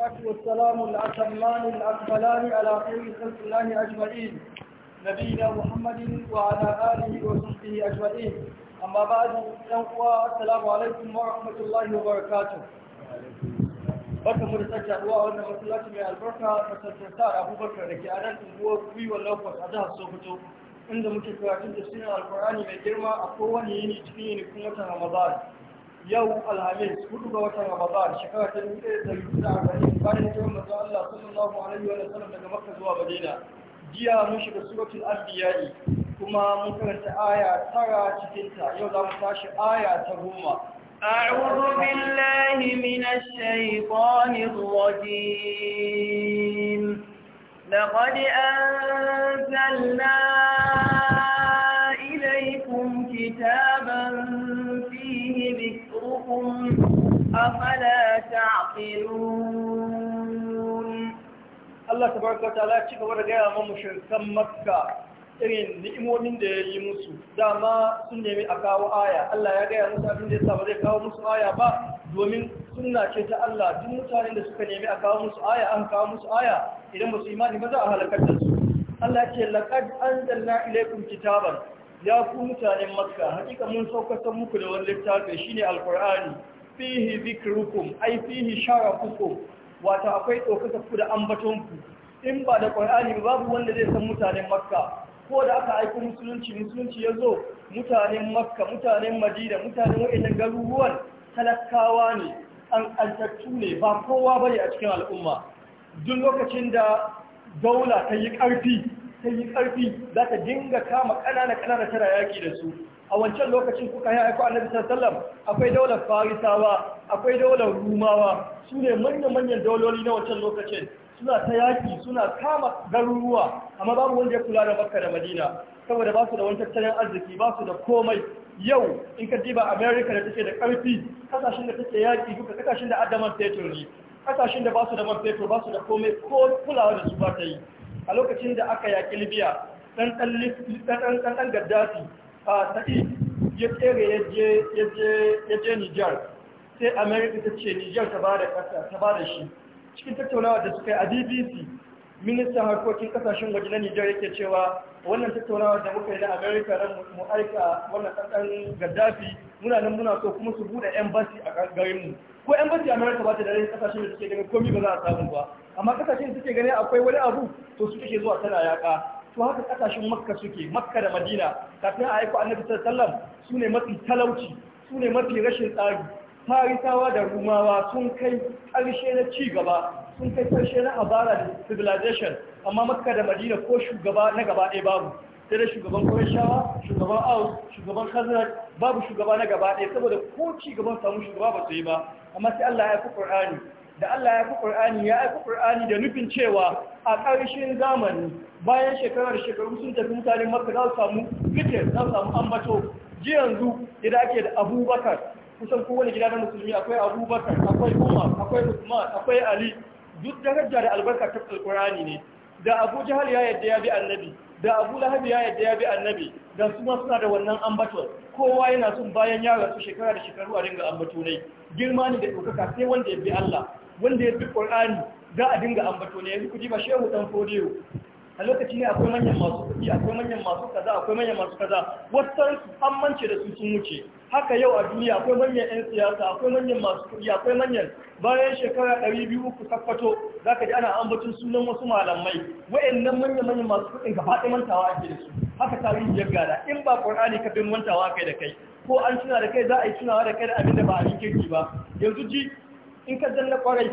والصلاة والسلام الأتمان الأكملان على خير خلق الله أجمعين نبينا محمد وعلى آله وصحبه أجمعين أما بعد السلام عليكم ورحمة الله وبركاته barka mu da sake haduwa wannan masallaci mai albarka masallacin a abubakar da ke a nan unguwar gwiwar lagos a jihar sokoto inda muke karatun tafsirin alkur'ani mai girma a kowane yini cikin yini kuma ta ramadan yau alhamis hudu ga watan ramadan shekara ta dubu ɗaya da dubu da arba'in bayan jiran manzo Allah sallallahu alaihi wa sallam daga makka zuwa madina jiya mun shiga suratul anbiya'i kuma mun karanta aya tara cikin ta yau za mu tashi aya ta goma أعوذ بالله من الشيطان الرجيم لقد أنزلنا Allah Ta تبارك وتعالى cika da gaya ma mushrikan Makka irin ni'imomin da ya yi musu dama sun nemi a kawo aya Allah ya gaya musu abin da ya ba zai kawo musu aya ba domin sunna ce ta Allah duk mutanen da suka nemi a kawo musu aya an kawo musu aya idan ba su imani ba za a halakar da su Allah ce laqad anzalna ilaykum kitaban ya ku mutanen Makka hakika mun saukar muku da wani littafi shine alqur'ani fihi zikrukum ai fihi sharafukum wato akwai ɗaukaka ku da ku. in ba da ƙur'ani ba babu wanda zai san mutanen makka ko da aka aika musulunci musulunci yazo zo mutanen makka mutanen madina mutanen wa'annan garuruwan talakawa ne an altattu ne ba kowa bane a cikin al'umma duk lokacin da daula ta yi ƙarfi ta yi ƙarfi za ta dinga kama ƙanana ƙanana tana yaki da su a wancan lokacin kuka yi aiko annabi sallallahu akwai daular farisawa akwai daular rumawa su ne manya-manyan dauloli na wancan lokacin suna ta yaki suna kama garuruwa amma babu wanda ya kula da makka da madina saboda ba su da wani tattalin arziki ba su da komai yau in ka diba america da take da karfi kasashen da take yaki duka kasashen da adaman fetur ne kasashen da ba su da man fetur ba su da komai ko kulawa da su ba ta yi a lokacin da aka yaki libya ɗan ɗan gaddafi a ya tsere ya je nijar sai america ta ce nijar ta ba da ta ba da shi cikin tattaunawa da suka yi a bbc ministan harkokin kasashen waje na nijar yake cewa wannan tattaunawa da muka yi na america don mu aika wannan kasan gaddafi muna nan muna so kuma su bude embassy a garinmu ko embassy america ba ta da rai kasashen da suke ganin komi ba za a samu ba amma kasashen suke ganin akwai wani abu to su zuwa tana yaka to haka kasashen makka suke makka da madina kafin a aiko annabi sallallahu su ne mafi talauci su ne mafi rashin tsari farisawa da rumawa sun kai karshe na ci gaba sun kai karshe na habara da civilization amma makka da madina ko shugaba na gaba ɗaya babu sai da shugaban kurashawa shugaban aus shugaban khazraj babu shugaba na gaba ɗaya saboda ko ci gaban samu shugaba ba su yi ba amma sai allah ya fi ƙur'ani da Allah ya fi ƙur'ani, ya aiki ƙur'ani da nufin cewa a ƙarshen zamani bayan shekarar shekaru sun tafi mutane. maka za su samu zikir za su samu ambato ji yanzu gida ake da Abubakar kusan kowane gida na musulmi akwai Abubakar akwai Umar akwai Usman akwai Ali duk daraja da albarka ta ƙur'ani ne da Abu jihar ya yadda ya bi annabi da Abu lahabi ya yadda ya bi annabi da su ma suna da wannan ambaton kowa yana son bayan ya su shekara da shekaru a ringa ambato ne girma ne da ɗaukaka sai wanda ya bi Allah wanda ya fi ƙur'ani za a dinga ambato ne yanzu ku ba shehu dan fodiyo a lokaci ne akwai manyan masu kuɗi akwai manyan masu kaza akwai manyan masu kaza wasan an mance da su sun wuce haka yau a duniya akwai manyan 'yan siyasa akwai manyan masu kuɗi akwai manyan bayan shekara ɗari biyu ku tabbato, za ka ji ana ambatun sunan wasu malamai wa'annan manyan manyan masu kuɗin gaba ɗaya mantawa ake da su haka tarihi ya gada in ba ƙur'ani ka bin mantawa kai da kai ko an tuna da kai za a yi tunawa da kai da abin da ba yi kirki ba yanzu ji in ka zan na kwarai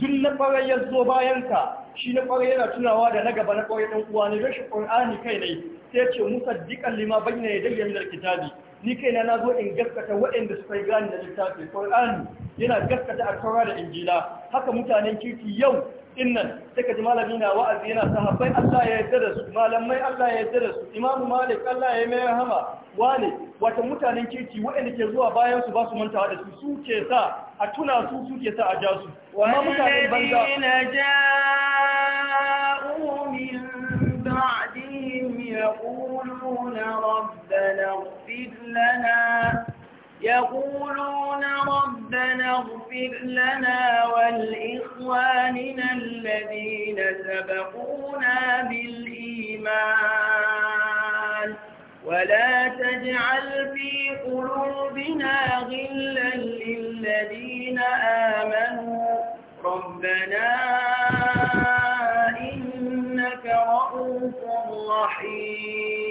duk na kwarai ya zo bayan ka shi na kwarai yana tunawa da na gaba na kwarai ɗan uwa ne rashin ƙur'ani kai ne sai ce musaddiqan lima bayyana ya min alkitabi ni kaina na zo in gaskata waɗanda suka yi gani da littafi Qur'ani yana gaskata a da injila haka mutanen kirki yau innan sai ka ji malami na wa'azi yana sahabbai Allah ya yarda da su malamai Allah ya yarda da su Imamu Malik Allah ya mai rahama wane wata mutanen kirki waɗanda ke zuwa bayan su ba su mantawa da su su ke sa a tuna su su ke sa a ja su amma mutanen banza لنا يقولون ربنا اغفر لنا ولإخواننا الذين سبقونا بالإيمان ولا تجعل في قلوبنا غلا للذين آمنوا ربنا إنك رؤوف رحيم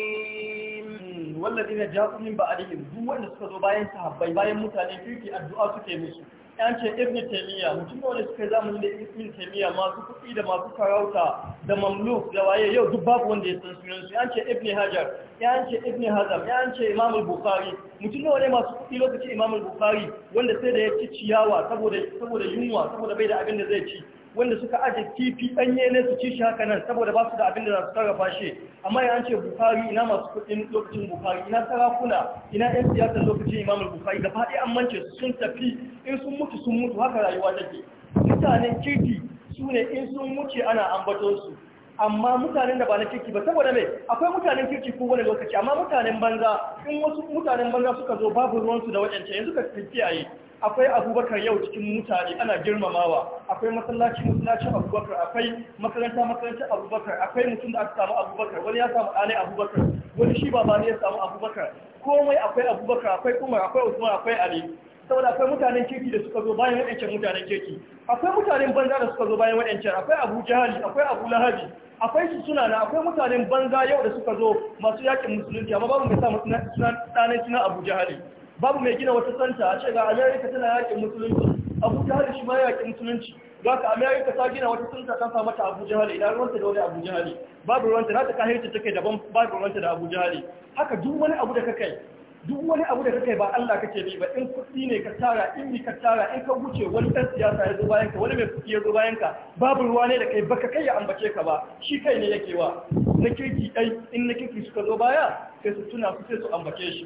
wallazina ja'u min ba'dihim duk wanda suka zo bayan sahabbai bayan mutane kirki addu'a suke musu an ce ibn taymiya mutum da wanda suka zamanin da ibn taymiya masu kuɗi da masu karauta da mamluk da waye yau duk babu wanda ya san sunan su an ce ibn hajar ya ce ibn hazam ya ce imam al-bukhari mutum wanda masu kuɗi lokacin imam al-bukhari wanda sai da ya ci ciyawa saboda saboda yunwa saboda bai da abin da zai ci wanda suka aje kifi danye ne su ci shi haka nan saboda ba su da abin da za su sarrafa shi amma ya ce bukari ina masu kuɗin lokacin bukari ina sarakuna ina yan siyasar lokacin imam bukari gaba ɗaya an mance sun tafi in sun mutu sun mutu haka rayuwa take mutanen kirki su ne in sun mutu ana ambaton su amma mutanen da ba na kirki ba saboda mai akwai mutanen kirki ko wani lokaci amma mutanen banza in wasu mutanen banza suka zo babu ruwansu da waɗancan yanzu ka tafi tafiya yi akwai abubakar yau cikin mutane ana girmamawa akwai masallaci masallacin abubakar akwai makaranta makarantar abubakar akwai mutum da aka samu abubakar wani ya samu alai abubakar wani shi ba ne ya samu abubakar komai akwai abubakar akwai umar akwai usman akwai ali saboda akwai mutanen kirki da suka zo bayan waɗancan mutanen kirki akwai mutanen banza da suka zo bayan waɗancan akwai abu jahali akwai abu lahabi akwai su suna na akwai mutanen banza yau da suka zo masu yakin musulunci amma babu mai sa sunan suna abu jahali babu mai gina wata santa a ce ga america tana yakin musulunci abu jihar shi ma yakin musulunci za ka america ta gina wata santa ta samu ta abu jihar idan ruwanta da wani abu jihar babu ruwanta na ta kahirci take daban babu ruwanta da abu jihar haka duk wani abu da ka kai duk wani abu da ka kai ba Allah kake bi ba in kuɗi ne ka tara in ni ka tara in ka wuce wani ɗan siyasa ya zo bayan ka wani mai kuɗi ya zo bayan ka babu ruwa ne da kai baka kai ya ambace ka ba shi kai ne yake wa na kirki ɗai in na kirki suka zo baya sai su tuna su sai su ambace shi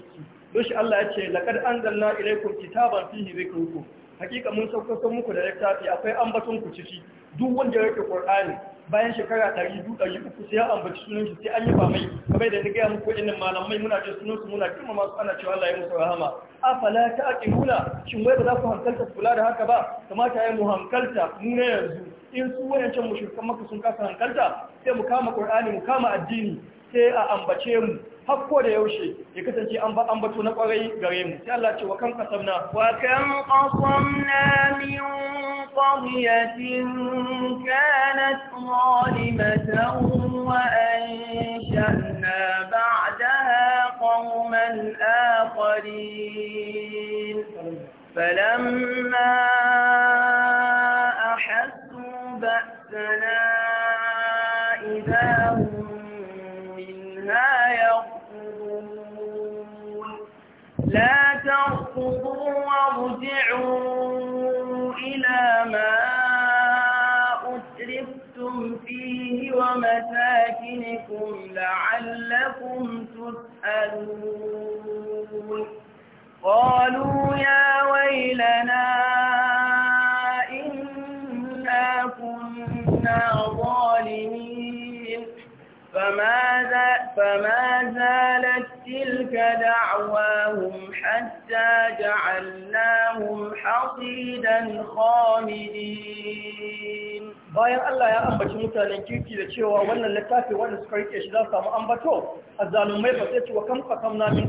doshi Allah ya ce laqad anzalna ilaykum kitaban fihi dhikrukum hakika mun saukar muku da littafi akwai ambaton ku ciki duk wanda yake Qur'ani bayan shekara 200 sai ya ambaci sunan shi sai an yi mai, kamar da gaya muku innan malamai muna jin sunan su muna kirma masu ana cewa Allah ya musu rahama ake nuna, shin wai ba za ku hankalta kula da haka ba kamata ya mu hankalta mu yanzu in su wayancan mushrikan maka sun kasa hankalta sai mu kama Qur'ani mu kama addini sai a ambace mu har ko da yaushe ya kasance an ba an bato na kwarai gare mu sai Allah ce wa kan qasamna wa kan qasamna min qaryatin kanat zalimatan wa ansha'na ba'daha qauman akharin فلما أحسوا بأسنا فاركضوا وارجعوا إلى ما أترفتم فيه ومساكنكم لعلكم تسألون قالوا يا ويلنا إنا كنا ظالمين فما زالت تلك دعواهم حتى جعلناهم حصيدا خامدين bayan Allah ya ambaci mutanen kirki da cewa wannan littafi wanda suka rike shi za su samu ambato azzalumai ba sai cewa kam fakam na min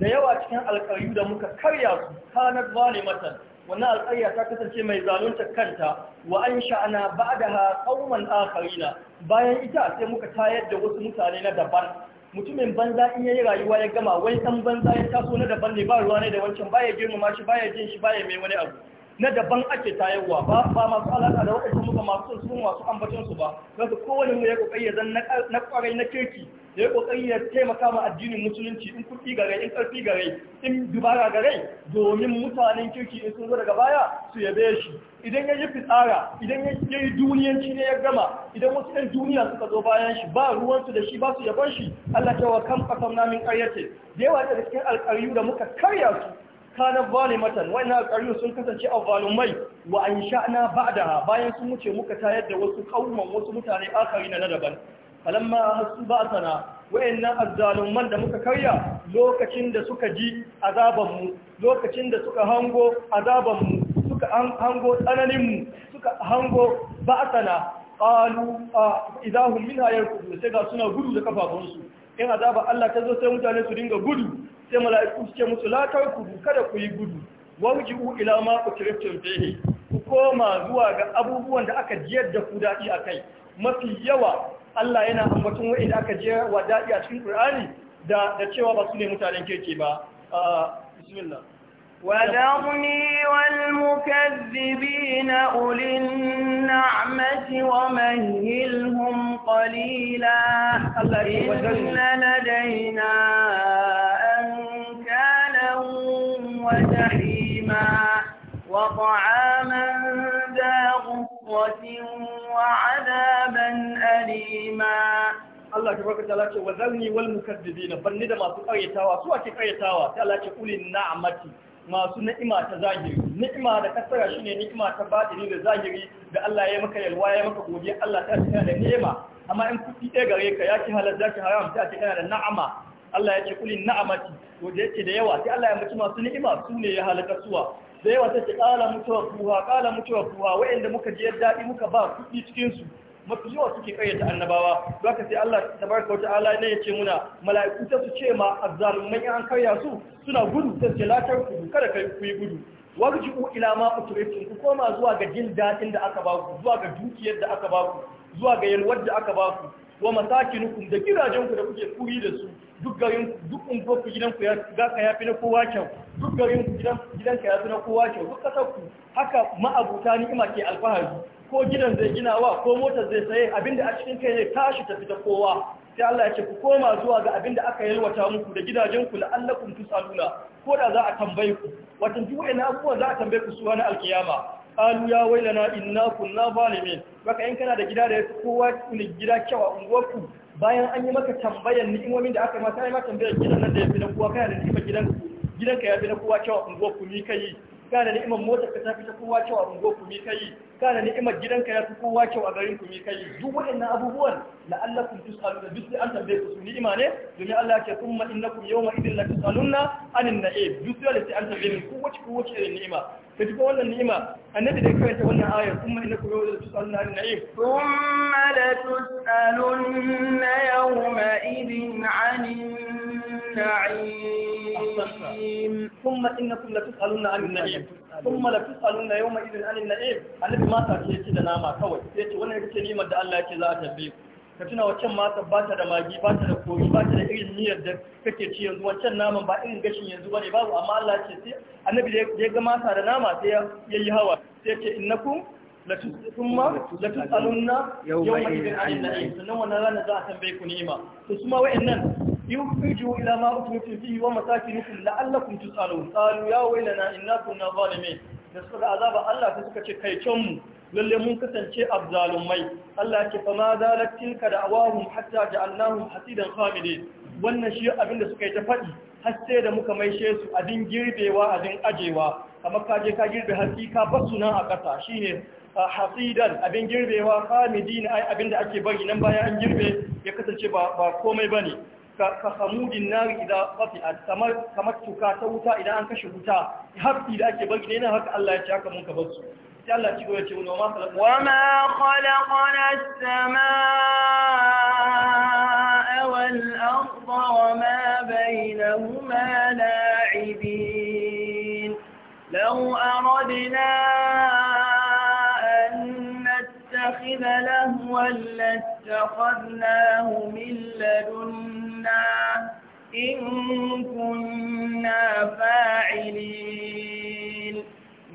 da yawa cikin alƙaryu da muka karya su kanat mata, wannan alƙarya ta kasance mai zalunta kanta wa an sha'ana ba'daha qauman akarina bayan ita sai muka tayar da wasu mutane na daban mutumin banza in yayi rayuwa ya gama wai san banza ya taso na daban ne ba ruwa ne da wancan baya girmama shi baya jin shi baya mai wani abu na daban ake tayarwa ba ba masu alaƙa da waɗansu muka masu sun masu ambaton su ba kaga kowane mu ya kokari ya zan na kwarai na kirki ya yi kokari ya taimaka ma addinin musulunci in kuɗi gare in ƙarfi gare in dubara gare domin mutanen kirki in sun zo daga baya su yabe shi idan ya yi fitsara idan ya yi duniyanci ne ya gama idan wasu ɗan duniya suka zo bayan shi ba ruwansu da shi ba su yaban shi Allah ta wa kan ƙasar namin ƙaryace da yawa daga cikin alƙaryu da muka karya su kana zalimatan wannan alƙaryun sun kasance a zalumai wa an sha'na ba'daha bayan sun wuce muka tayar da wasu kauman wasu mutane akari na daban falamma hasu ba'sana wayannan azzaluman da muka karya lokacin da suka ji azabanmu lokacin da suka hango azabanmu suka hango tsananinmu suka hango ba'sana qalu idahum minha yarkudu sai ga suna gudu da kafafunsu in azaba Allah ta zo sai mutane su dinga gudu sai mala'iku suke musu latar kudu kada ku yi gudu warji'u ila ma utriftum fihi ku koma zuwa ga abubuwan da aka jiyar da ku daɗi a kai mafi yawa Allah yana ambaton wa'inda aka jiyar wa daɗi a cikin Qur'ani da cewa ba su ne mutanen kirki ba bismillah وذرني والمكذبين أولي النعمة ومهلهم قليلا إن لدينا وجحيما وطعاما ذا غصة وعذابا أليما Allah ta baka tala ce wa zalni wal mukaddibina banni da masu karyatawa su ake karyatawa sai Allah ce ulin na'amati masu ni'ima ta zahiri ni'ima da kasara shine ni'ima ta batini da zahiri da Allah ya maka yalwa ya maka godiya Allah ta tsaya da ni'ima amma in kuɗi ɗaya gare ka ya ci halal za ki haram ta ce kana da na'ama Allah ya ce kuli na'amati to da yake da yawa sai Allah ya mutu masu ni'ima su ne ya halaka suwa da yawa ta ce kala mutuwa kuwa kala mutuwa kuwa wa'anda muka ji daɗi muka ba kuɗi cikin su mafi yawa suke kayyata annabawa don sai Allah tabaraka wa ta'ala ne ya ce muna mala'iku ta su ce ma azzalumai an karya su suna gudu ta ce latar ku kada kai ku yi gudu warji'u ila ma utriftum ku koma zuwa ga jin daɗin da aka ba ku zuwa ga dukiyar da aka ba ku zuwa ga yalwar da aka ba ku wa masakinukum da gidajen ku da kuke kuri da su duk garin duk unguwar ku gidanku ya ga ka yafi na kowa kyau duk garin ku gidanka ya fi na kowa kyau duk kasar ku haka ma'abuta ni'ima ke alfahari ko gidan zai gina wa, ko motar zai saye abinda a cikin kai ne tashi tafi ta kowa sai Allah ya ce ku koma zuwa ga abinda aka yalwata muku da gidajenku la'allakum tusaluna ko da za a tambaye ku wato duk wani abubuwa za a tambaye ku su na alkiyama qalu ya wailana inna kunna zalimin baka in kana da gida da kowa ne gida kyau a unguwarku bayan an yi maka tambayar ni'imomin da aka mata yi maka tambayar gidan nan da ya fi na kowa kana da ni'imar gidan gidanka ya fi na kowa cewa unguwar ku mi kai kana da ni'imar motar ka ta fi ta kowa cewa unguwar ku mi kai kana da ni'imar gidanka ya fi kowa cewa a garin ku mi kai duk waɗannan abubuwan la'allakum tusalu da bisu an tambaye ku su ni'ima ne domin Allah ya ce kuma innakum yawma idin la tusalunna anin na'im duk dole sai an tambaye ku wace ku wace irin ni'ima da cikin wannan ni'ima annabi da karanta wannan ayar kuma inna kuma da tusalun na na'im kuma la tusalun na yawma idin anin na'im kuma inna kuma la tusalun na anin na'im kuma la tusalun na yawma idin anin na'im annabi ma ta ce da nama kawai sai ce wannan ita ce ni'imar da Allah ya za a tafi ka tuna waccan matar ba ta da magi ba ta da kori ba ta da irin miyar da kake ci yanzu Waccan naman ba irin gashin yanzu ba ne babu amma Allah ce sai annabi da ya ga mata da nama sai ya yi hawa sai ce innakum latusumma latusalunna yawma idin anin na'im sannan wannan ranar za a tambaye ku ni'ima to su ma wa'annan yurju ila ma utrifu fihi wa masakinukum la'allakum tusalun qalu ya waylana inna kunna zalimin da suka azaba Allah sai suka ce kai can mu lalle mun kasance abzalumai Allah ke fama zalat tilka da awahum hatta ja'alnahum hasidan khamidin wannan shi abinda suka yi ta faɗi har sai da muka maishe su abin girbewa abin ajewa kamar ka je ka girbe hatsi ka bar su a ƙasa shine hasidan abin girbewa khamidin ai abinda ake bari nan bayan an girbe ya kasance ba ba komai ka hamudin nari idan fafi'at kamar kamar tuka ta wuta idan an kashe wuta hafi da ake bari ne na haka Allah ya ce haka mun ka bar su وما خلقنا السماء والأرض وما بينهما لاعبين لو أردنا أن نتخذ لهوا لاتخذناه من لدنا إن كنا فاعلين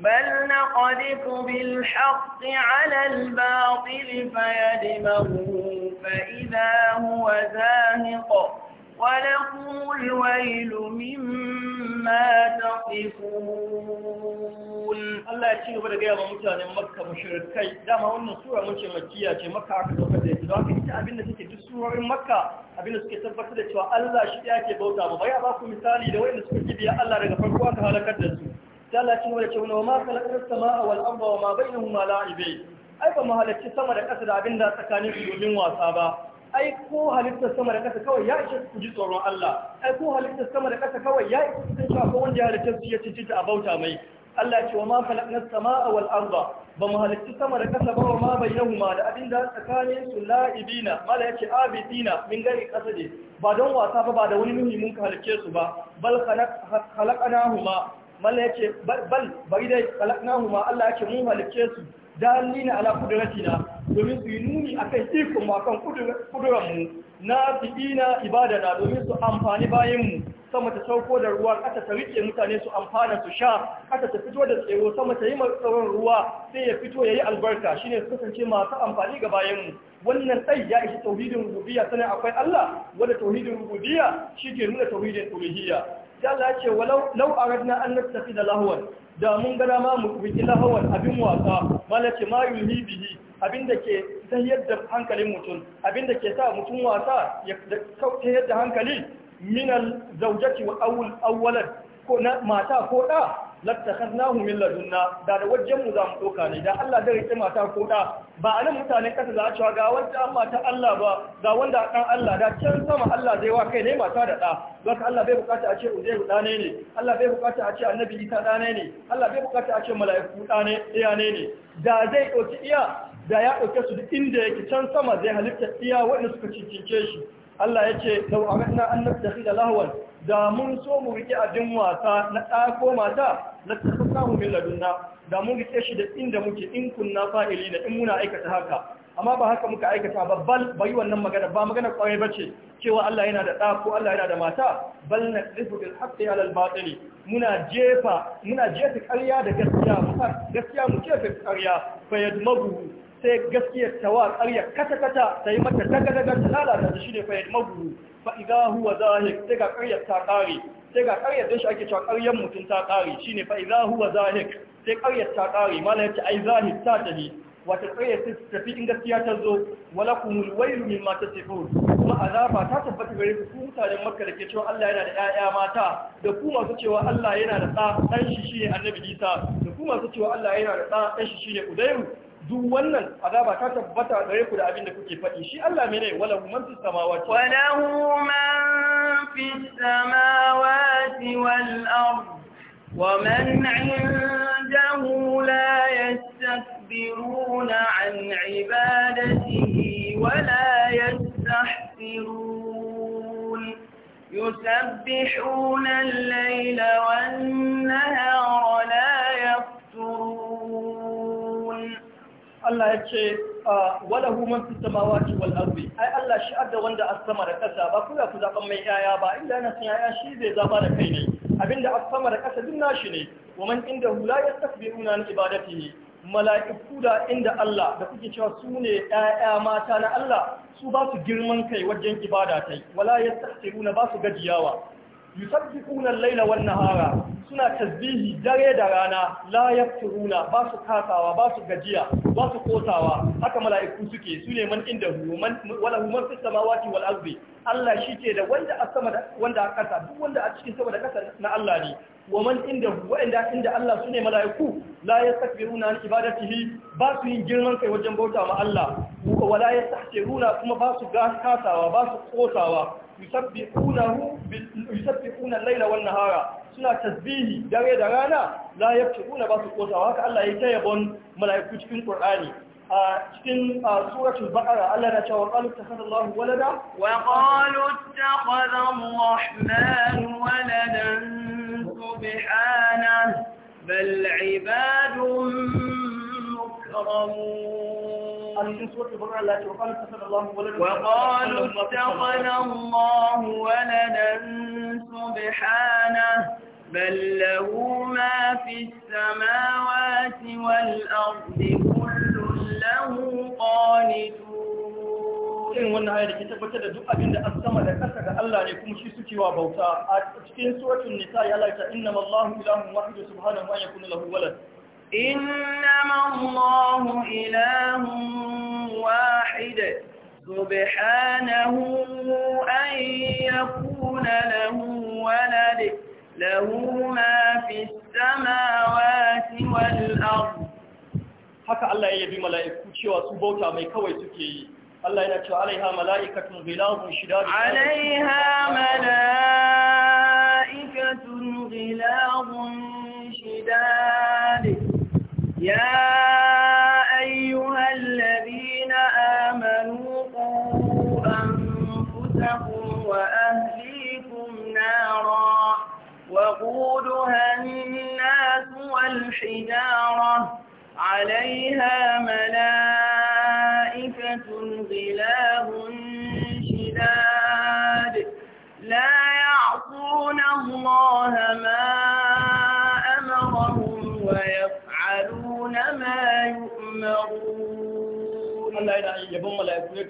بل نقذف بالحق على الباطل فيدمه فإذا هو زاهق ولكم الويل مما تصفون الله يشير بلغة يا ممتان مكة مشركي داما هنا سورة منشي مكية جي مكة عكس وفده جدوك انت عبين نسيك دو سورة مكة عبين نسيك سبقت لك الله شتاك بوتا بغيابا كمثالي لوين نسيك بيا الله رغفر قواتها لكدسو Allah cin wanda ce wani wa ma kalakar sama'a wal arda wa ma bainahuma la'ibai ai ba mu halarci sama da ƙasa da abin da tsakanin su domin wasa ba ai ko halittar sama da ƙasa kawai ya ishe ku ji tsoron Allah ai ko halittar sama da ƙasa kawai ya ishe ku san cewa wanda ya halitta su ya cici ta bauta mai Allah ce wa ma kalakar sama'a wal arda ba mu halarci sama da ƙasa ba wa ma bainahuma da abin da tsakanin su la'ibina mala yace abidina min gari ƙasa ne ba don wasa ba ba da wani muhimmin ka halicce su ba bal khalaqanahuma malla bal bari dai kalaknahu ma Allah yake mu halicce su na ala kudratina domin su yi nuni akan ikon ma kan kudurar mu na ibada ibadana domin su amfani bayan mu sama ta sauko da ruwa kasa ta rike mutane su amfana su sha kasa ta fito da tsero sama ta yi tsaron ruwa sai ya fito ya yi albarka shine su kasance masu amfani ga bayan mu wannan tsai ya ishi tauhidin rububiyya sanin akwai Allah wanda tauhidin rububiyya shi ke nuna tauhidin uluhiyya sai Allah ya ce walau law aradna an da lahwan da mun ga dama mu biki lahawar abin wasa malace ma yulhi bihi abinda ke tahiyar da hankalin mutum abinda ke sa mutum wasa ya tahiyar da hankali minal zaujati wa awwal awwalan ko na mata ko da lattakannahu min ladunna da da wajen mu za mu doka ne da Allah da rike mata ko da ba a nan mutanen kasa za a cewa ga wanda amma ta Allah ba ga wanda dan Allah da can sama Allah zai wa kai ne mata da da don Allah bai bukata a ce Uzairu dane ne Allah bai bukata a ce Annabi ta dane ne Allah bai bukata a ce mala'iku dane iya ne ne da zai dauki iya da ya dauke su duk inda yake can sama zai halitta iya wanda suka cincince shi Allah ya ce sau a an nafi da lahawar da mun so mu rike abin wasa na ɗako mata na tafi samun min ladunna da mun rike shi da inda muke in kunna fa'ili da in muna aikata haka amma ba haka muka aikata ba bal wannan magana ba magana kwarai ce. cewa Allah yana da ɗa Allah yana da mata bal na tsifu bil haqqi ala al muna jefa muna jefa ƙarya da gaskiya gaskiya mu jefa ƙarya fa yadmagu sai gaskiyar tawa ƙarya kata-kata ta yi mata daga-daga ta lalata da shi ne fahimtar maguru fa'iza huwa zahir sai ga karyar ta ƙare sai ga karyar da shi ake cewa karyar mutum ta ƙare shi ne fa'iza huwa zahir sai karyar ta ƙare malar ta ai zahir ta tafi wata karyar ta tafi in gaskiya ta zo wala kumul wailu mimma tasifun kuma azaba ta tabbata gare ku mutanen makka da ke cewa Allah yana da ƴaƴa mata da ku masu cewa Allah yana da ɗa ɗan shi shine annabi Isa da ku masu cewa Allah yana da ɗa ɗan shi shine Udayru duk wannan azaba ta tabbata gare ku da abin da kuke faɗi shi Allah mene walahu man fis samawati walahu man fis samawati wal ard wa man 'indahu la yastakbiruna 'an 'ibadatihi wa la yastahsirun yusabbihuna al-layla wan-nahara la Allah ya ce ah, wala human fi samawati wal ai Allah shi adda wanda a sama da kasa ba ku ku zaban mai yaya ba inda yana son yaya shi zai zama da kai ne abinda a sama da kasa duk nashi ne wa man inda hu la yastakbiruna an ne. mala'iku da inda Allah da kuke cewa su ne yaya mata na Allah su ba su girman kai wajen ibada tai wala tafsiru ba su gajiyawa yusabbihuna al-laila wan nahara suna tasbihi dare da rana la yafturuna ba su kasawa ba su gajiya ba su kotawa haka mala'iku suke su ne man inda human wala human fis samawati wal ardi Allah shike da wanda a sama da wanda a ƙasa, duk wanda a cikin sama da ƙasa na Allah ne wa man inda wa'inda inda Allah sune mala'iku la yastakbiruna an ibadatihi ba su yin girman kai wajen bauta ma Allah wa la yastahsiruna kuma ba su gaskasawa ba su kosawa yusabbihunahu yusabbihuna al-laila wan hara suna tasbihi dare da rana la yaftukuna ba su kosawa haka Allah ya yabon mala'iku cikin Qur'ani cikin suratul baqara Allah na ce wa qalu takhadha Allah walada wa qalu takhadha ar-rahman waladan سبحانه بل عباد مكرمون وقالوا اتخذ الله ولدا سبحانه بل له ما في السماوات والأرض كل له قانتون irin wannan ayar da ke tabbatar da duk abin da an sama da ƙasa ga Allah ne kuma shi suke wa bauta a cikin suratul nisa ya laita innama Allahu ilahun wahid subhanahu wa yakunu lahu walad Inna Allahu ilahun wahid subhanahu an yakuna lahu walad lahu ma fis samawati wal ard haka Allah ya yabi mala'iku cewa su bauta mai kawai suke yi الله ينتشو عليها ملائكة غلاظ شداد عليها ملائكة غلاظ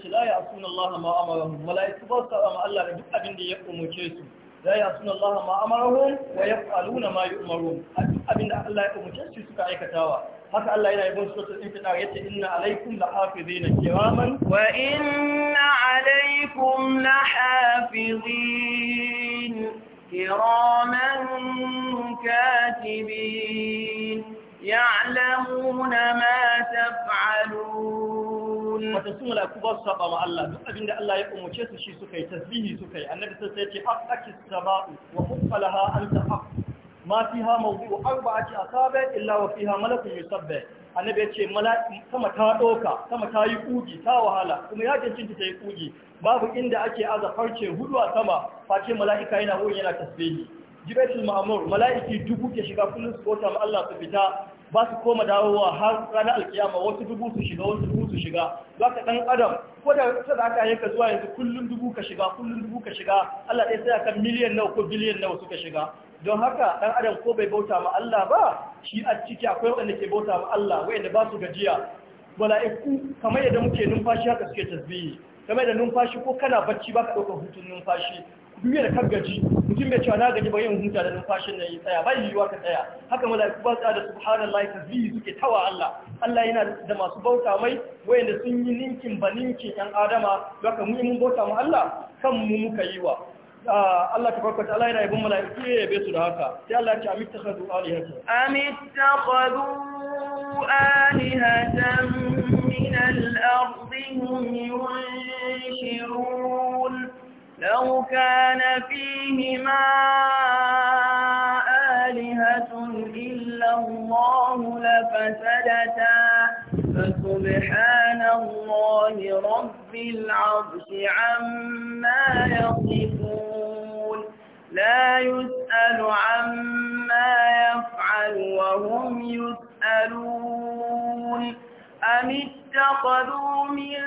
ce la ya asuna Allah ma amarahum malaiku ba su ma Allah da duk abin da ya umarce su la ya asuna Allah ma amarahum wa yaf'aluna ma yu'marun duk abin da Allah ya umarce su suka aikatawa haka Allah yana yabon suratul infitar yace inna alaikum lahafizina kiraman wa inna alaikum lahafizin kiraman katibin ya'lamuna ma taf'alun wata su malaku ba su saba ma Allah duk abin da Allah ya umarce su shi suka yi tasbihi suka yi annabi sai ya ce aqaki sama'u wa huffalaha anta aq ma fiha mawdu'u arba'ati asabi illa wa fiha malakun yusabbih annabi ya ce sama ta doka sama ta yi kugi ta wahala kuma ya cancanta ta yi kugi babu inda ake aza farce hudu a sama face mala'ika yana wurin yana tasbihi jibril ma'mur mala'iki dubu ke shiga kullun su kota ma Allah su fita ba su koma dawowa har ranar alkiyama wasu dubu su shiga wasu dubu su shiga za ka ɗan adam ko da yi ka zuwa yanzu kullum dubu ka shiga kullum dubu ka shiga Allah ɗaya sai kan miliyan nawa ko biliyan nawa suka shiga don haka ɗan adam ko bai bauta ma Allah ba shi a ciki akwai waɗanda ke bauta ma Allah waɗanda ba su gajiya Wala iku kamar yadda muke numfashi haka suke tasbihi kamar da numfashi ko kana bacci ka ɗaukar hutun numfashi duniya da kan gaji mutum bai cewa na gaji ba yin huta da numfashin nan ya tsaya ba yiwuwa ka tsaya haka mala'iku ba tsaya da subhanallahi tasbihi suke tawa Allah Allah yana da masu bauta mai wayanda sun yi ninkin ba ninkin ɗan adama haka mu mun bauta mu Allah kan mu muka yi wa ah, Allah ta farko Allah yana yabon mala'iku ya yabe su da haka sai Allah ya ce amittakhadhu alihatan amittakhadhu alihatan min al-ardi hum yunshirun لو كان فيهما آلهة إلا الله لفسدتا فسبحان الله رب العرش عما يصفون لا يسأل عما يفعل وهم يسألون أم اتخذوا من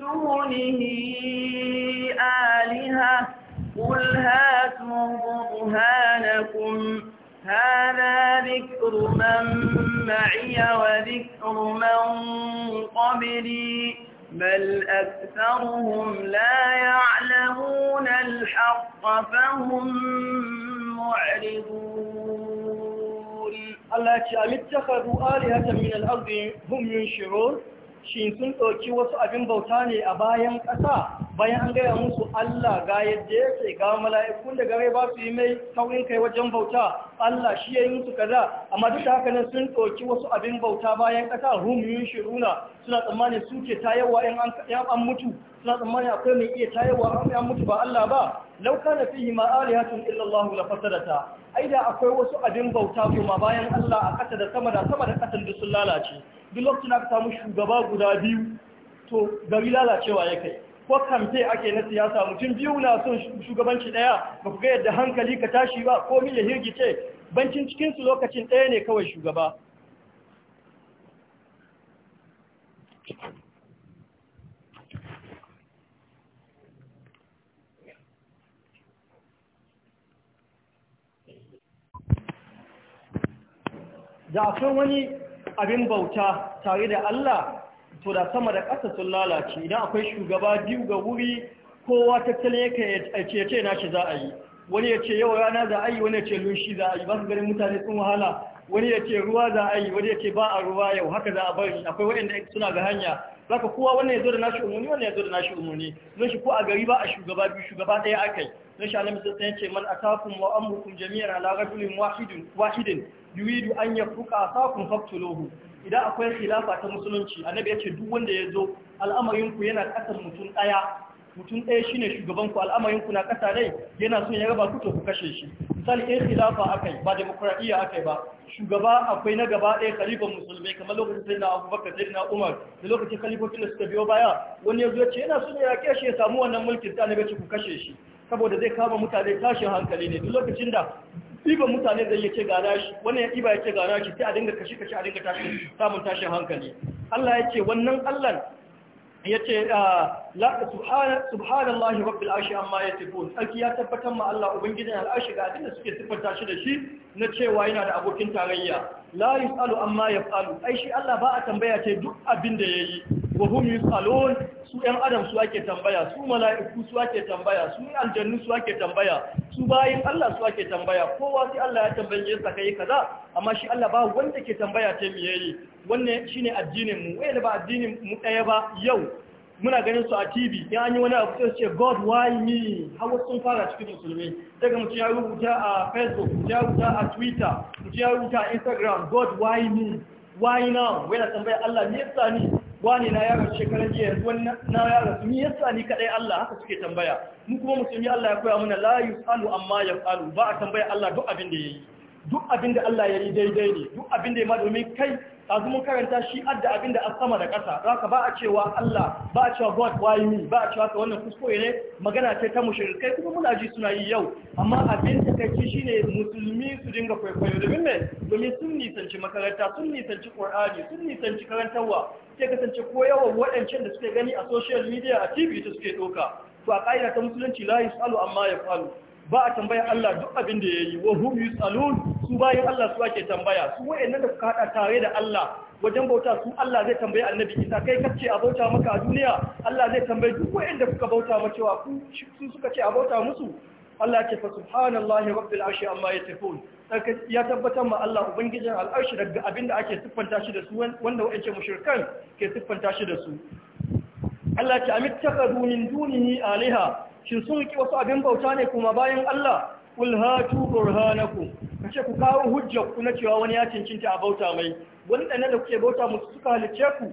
دونه عنها قل هاتوا برهانكم هذا ذكر من معي وذكر من قبلي بل أكثرهم لا يعلمون الحق فهم معرضون الله أم اتخذوا آلهة من الأرض هم ينشرون shi sun ɗauki wasu abin bauta ne a bayan ƙasa bayan an gaya musu Allah ga yadda ya ce, ga mala'ikun da gare ba su yi mai saurin kai wajen bauta Allah shi ya yi musu kaza amma duk da haka sun ɗauki wasu abin bauta bayan ƙasa hum yun shiruna suna tsammanin suke tayarwa 'yan an mutu suna tsammanin akwai mai iya tayarwa 'yan an mutu ba Allah ba lauka na fi ma alihatun illallahu na la fasadata ai da akwai wasu abin bauta kuma bayan Allah a ƙasa da sama da sama da ƙasa duk sun lalace duk lokacin aka samu shugaba guda biyu to gari lalacewa ya kai ko kamfe ake na siyasa mutum biyu na son shugabanci daya ba ku ga yadda hankali ka tashi ba ko ya hirgice bancin cikinsu lokacin ɗaya ne kawai shugaba da akwai wani abin bauta tare da Allah to da sama da ƙasa sun lalace idan akwai shugaba biyu ga wuri kowa tattalin yake ya ce na shi za a yi wani ya ce yau rana za a yi wani ya ce lunshi za a yi ba su ganin mutane sun wahala wani ya ce ruwa za a yi wani ya ce ba a ruwa yau haka za a bar shi akwai waɗanda suna ga hanya zaka kowa wannan ya zo da nashi umuni wannan ya zo da nashi umuni don shi ko a gari ba a shugaba biyu shugaba ɗaya akai don shi alamu sai ce man a wa amrukum jami'an jami'ar rajulin wahidin yuridu an yafuka asakum faqtuluhu idan akwai khilafa ta musulunci annabi ya ce duk wanda ya zo al'amarin ku yana ƙasar mutum ɗaya mutum ɗaya shi ne shugabanku al'amarinku na ƙasa rai yana sun ya raba ku to ku kashe shi misali ɗaya khilafa aka yi ba demokuraɗiyya aka yi ba shugaba akwai na gaba ɗaya kalifan musulmai kamar lokacin sai na abubakar sai na umar da lokacin khalifofin da suka biyo baya wani ya zo yana son ya yaƙe shi ya samu wannan mulkin ta nabe ku kashe shi saboda zai kama mutane tashin hankali ne duk lokacin da ɗiban mutane zai yace gana shi wannan ya ɗiba yace gana shi sai a dinga kashe kashe a dinga tashin samun tashin hankali Allah ya ce wannan Allah yace ah, la subhanallahi rabbil arshi amma yasifun alki ya tabbatar ma Allah ubangijin al'arshi ga abinda suke sifanta shi da shi na cewa yana da abokin tarayya la yusalu amma ya ai shi Allah ba a tambaya ce duk abin da yi. wa hum yusalun su yan adam su ake tambaya su mala'iku su ake tambaya su aljannu su ake tambaya su bayin Allah su ake tambaya kowa sai Allah ya tambaye sa kai kaza amma shi Allah ba wanda ke tambaya ta me yi wannan shine addinin mu wai ba addinin mu ɗaya ba yau muna ganin su a TV ya an yi wani abu sai ce God why me hawa sun fara cikin musulmi daga mutum ya rubuta a Facebook mutum ya rubuta a Twitter mutum ya rubuta a Instagram God why me why now wai na tambaya Allah me yasa ni wani na yaro shekaran jiya Wani na yaro ya sa ni kadai Allah haka suke tambaya mu kuma musulmi Allah ya koya mana la yusalu amma yafalu ba a tambaya Allah duk abin da yayi duk abin da Allah ya yi daidai ne duk abin da ya ma domin kai azu mun karanta shi adda abin da sama da ƙasa za ba a cewa Allah ba a cewa God why me ba a cewa ka wannan kuskure ne magana ce ta mushrikai kuma muna ji suna yi yau amma abin da kai shine musulmi su dinga kwaikwayo domin me domin sun nisanci makaranta sun nisanci Qur'ani sun nisanci karantarwa sai kasance koyarwa waɗancan da suke gani a social media a TV ta suke ɗoka. to a ƙa'ida ta musulunci la yusalu amma ya yafalu ba a tambaya Allah duk abin da yi wa hum yusalun su bayan Allah su ake tambaya su wayannan da suka hada tare da Allah wajen bauta su Allah zai tambaye annabi Isa kai kace a bauta maka a duniya Allah zai tambaye duk wayanda kuka bauta ma cewa su suka ce a bauta musu Allah ce fa subhanallahi rabbil arshi amma ya tabbatar ma Allah ubangijin al'arshi daga abinda ake siffanta shi da su wanda wayance mushrikan ke siffanta shi da su Allah ce amit takadu min dunihi aliha shin sun riƙe wasu abin bauta ne kuma bayan Allah kul hatu burhanakum kace ku kawo hujjar ku na cewa wani ya cincinta a bauta mai Wani ne da kuke bauta musu suka halice ku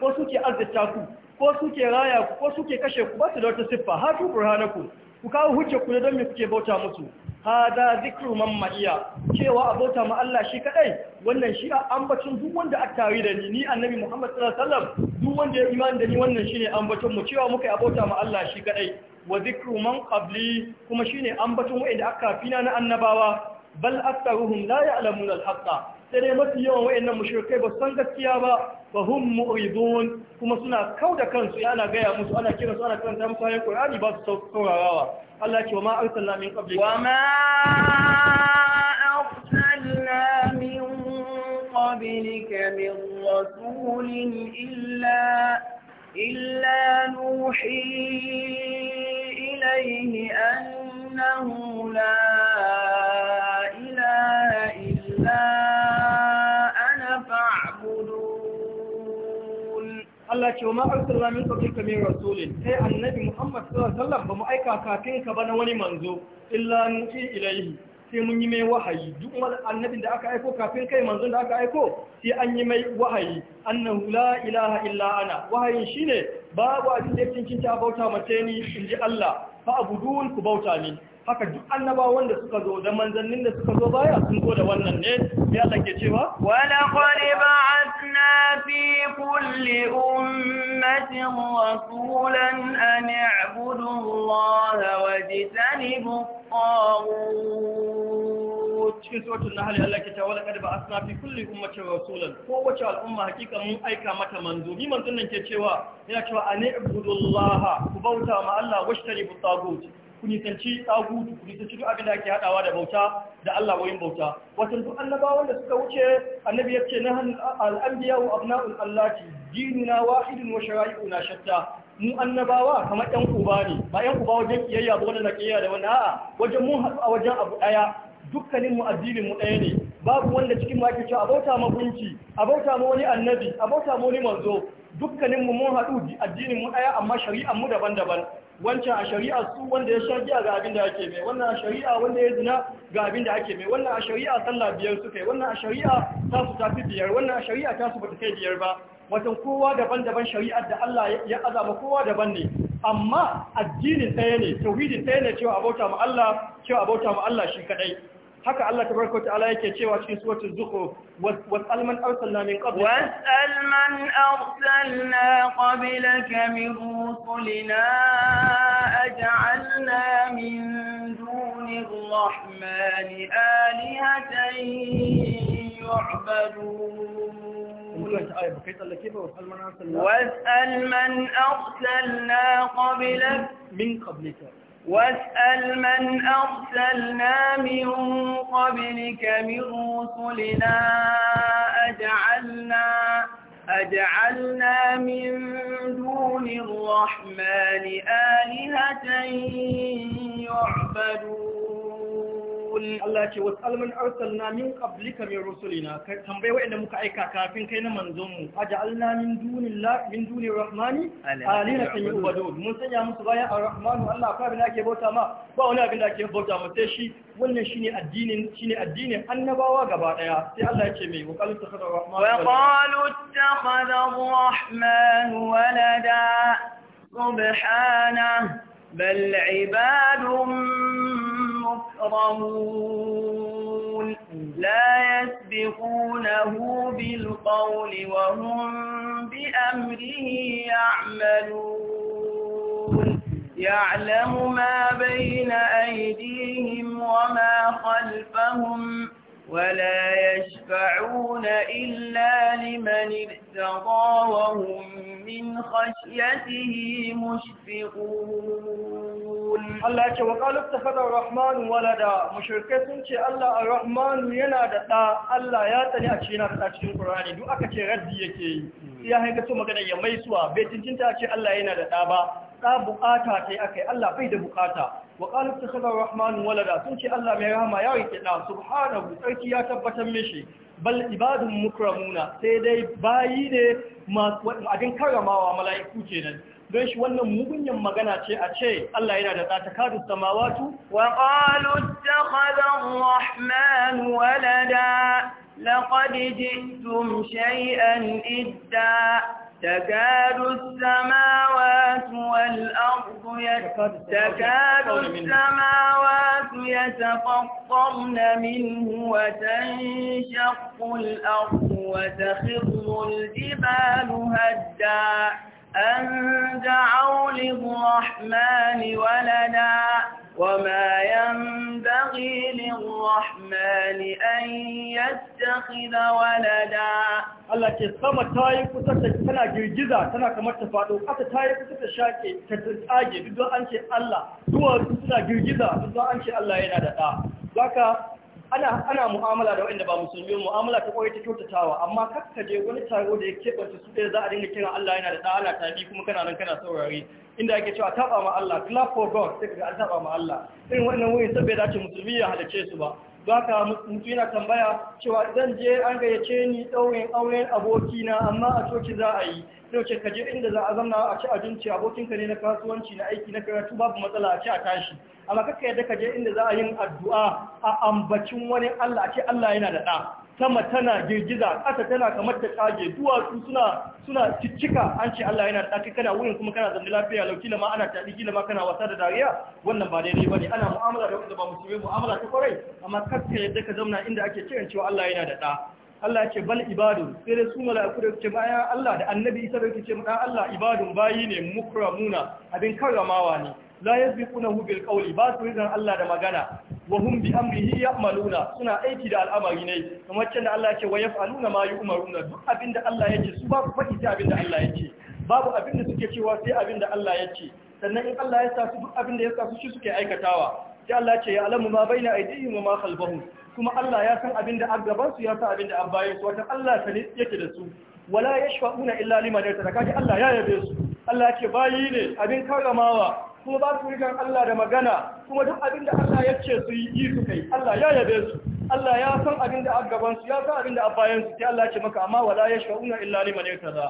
ko suke azzata ku ko suke raya ku ko suke kashe ku ba su da wata siffa hatu burhanakum ku kawo hujjar ku don me kuke bauta musu hada zikru man ma'iya cewa abota ma Allah shi kadai wannan shi ambacin duk wanda aka tari da ni ni annabi Muhammad sallallahu alaihi wasallam duk wanda ya imani da ni wannan shine ambacin mu cewa muka abota ma Allah shi kadai wa zikru man qabli kuma shine ambacin wanda aka kafina na annabawa bal aktharuhum la ya'lamuna al-haqqa sai dai mafi yawan wayannan mushrikai ba san gaskiya ba fa hum mu'ridun kuma suna kauda kansu ana gaya musu ana kira su ana karanta musu ayoyin Qur'ani ba su saurarawa Allah ce wa ma arsalna min qablika wa ma arsalna min qablika min rasulin illa illa nuhi ilayhi annahu la ilaha illa Allah ce wa ma arsalna min qablika min rasulin sai annabi Muhammad sallallahu alaihi wasallam bamu aika kafin ka ba na wani manzo illa nuhi ilaihi sai mun yi mai wahayi duk wani annabin da aka aiko kafin kai manzo da aka aiko sai an yi mai wahayi annahu la ilaha illa ana wahayin shine babu abin da yake cinta bauta mace ni inji Allah fa abudun ku bauta ni haka duk annabawan wanda suka zo da manzannin da suka zo baya sun zo da wannan ne sai Allah ke cewa wa laqad ba'at بعثنا في كل أمة رسولا أن اعبدوا الله واجتنبوا الطاغوت cikin suratul nahl Allah ke tawala kad ba asna fi kulli ummatin rasulan ko wace al'umma hakika mun aika mata manzo bi manzon nan ke cewa yana cewa ani ibudullah ku bauta ma Allah washtari bu tagut ku nisanci tsagutu ku nisanci duk abin da ake hadawa da bauta da Allah wayin bauta watan duk annabawan da suka wuce annabi yace nahan al-anbiya wa abna'ul allati dinuna wahidun wa shara'i'una shatta mu annabawa kamar ɗan uba ne ba ɗan uba wajen kiyayya ba wanda na kiyayya da wani a'a wajen mun haɗu a wajen abu ɗaya dukkanin mu addinin mu ɗaya ne babu wanda cikin ma ke cewa abauta ma gunki abauta ma wani annabi abauta ma wani manzo dukkanin mu mun haɗu addinin mu ɗaya amma shari'ar mu daban-daban wancan a shari'a su wanda ya shagiya ga abin da ake mai wannan a shari'a wanda ya zina ga abin da ake mai wannan a shari'a sallah biyar su kai wannan a shari'a ta su tafi biyar wannan a shari'a ta su bata kai biyar ba watan kowa daban-daban shari'ar da Allah ya azama kowa daban ne amma addinin ɗaya ne tauhidin ɗaya ne cewa abauta mu Allah cewa abauta mu Allah shi kadai haka Allah tabaraka ta'ala yake cewa cikin suratul zukhruf was'al man arsalna min qabl was'al man arsalna qablaka min rusulina aj'alna min duni rahmani alihatan yu'badu واسأل من أرسلنا قبلك من قبلك واسأل من أرسلنا من قبلك من رسلنا أجعلنا أجعلنا من دون الرحمن آلهة يعبدون qul Allah ce wasal man arsalna min qablika min rusulina ka tambaye muka aika kafin kai na manzon a aj'alna min min duni rahmani alina kan mun sanya musu baya arrahmanu Allah fa bin ake bauta ma ba wani abin da ake bauta ma sai shi wannan addinin addinin annabawa gaba daya sai Allah ya ce mai wa walada bal ibadun يكرمون لا يسبقونه بالقول وهم بأمره يعملون يعلم ما بين أيديهم وما خلفهم ولا يشفعون إلا لمن ارتضى وهم من خشيته مشفقون Allah ya ce wa qalu takhadha rahman walada mushrikai sun ce Allah ar-rahmanu yana da ɗa Allah ya tsani a cikin a cikin Qur'ani duk aka ce raddi yake yi ya haika so magana ya mai maisuwa bai cincin a ce Allah yana da ɗa ba ɗa buƙata ta yi aka yi Allah bai da bukata wa qalu takhadha rahman walada sun ce Allah mai rahama ya rike ɗa subhanahu sarki ya tabbatar mishi bal ibadun mukramuna sai dai bayi ne masu abin karamawa mala'iku kenan don shi wannan mugunyan magana ce a ce Allah yana da tsatakadun samawatu wa qalu takhadha rahman walada laqad ji'tum shay'an idda تكاد السماوات والأرض تكاد السماوات يتفطرن منه وتنشق الأرض وتخر الجبال هدا أن دعوا للرحمن ولدا وما ينبغي للرحمن أن يتخذ ولدا Allah ke sama ta yi kusa ta tana girgiza tana kamar ta faɗo ƙasa ta yi kusa ta shaƙe ta tsage duk an ce Allah duwatsu suna girgiza duk an ce Allah yana da ɗa zaka ana mu'amala da waɗanda ba musulmi mu'amala ta kwaye ta kyautatawa amma kakka je wani taro da ya kebanta su ɗaya za a dinga kira Allah yana da ɗana ta bi kuma kana nan kana saurari. inda ake cewa taba ma Allah clap for God sai ga an taba ma Allah irin wannan wurin sabbe da dace musulmi ya halace su ba Baka mutu yana tambaya cewa zan je an gayyace ni ɗaurin auren abokina amma a coci za a yi sai ce ka je inda za a zamna a ci abinci abokinka ne na kasuwanci na aiki na karatu babu matsala a ci a tashi amma kakka yadda ka je inda za a yin addu'a a ambacin wani Allah a ce Allah yana da ɗa sama tana girgiza ƙasa tana kamar ta kage duwatsu suna suna ciccika an ce Allah yana tsaki kana wurin kuma kana zanne lafiya lauki lama ana taɗi kila ma kana wasa da dariya wannan ba daidai bane ana mu'amala da wanda ba musulmi mu'amala ta kwarai amma kakka yadda ka zauna inda ake kiran cewa Allah yana da ɗa Allah ya ce bal ibadu sai dai su mala'iku da ce bayan Allah da annabi isa da yake ce mu Allah ibadun bayi ne mukramuna abin karramawa ne la yasbiqunahu bil qawli ba su rizan Allah da magana wa hum bi amrihi ya'maluna suna aiki da al'amari ne kamar can da Allah yake wa yaf'aluna ma yu'maruna duk abinda Allah yake su ba ku faɗi sai abinda Allah yake babu abinda suke cewa sai abinda Allah yake sannan in Allah ya sa su duk abinda ya sa su shi suke aikatawa sai Allah ya ce ya alamu ma baina aydihim wa ma khalfahum kuma Allah ya san abinda a gaban su ya san abinda a bayan su wata Allah ne yake da su wala yashfa'una illa liman yartada kaji Allah ya yabe su Allah ke bayi ne abin karamawa kuma ba su rigar Allah da magana kuma duk abin da Allah ya ce su yi su kai Allah ya yabe su Allah ya san abin da a gaban su ya san abin da a bayan su sai Allah ya ce maka amma wala yashfa'una illa liman yartada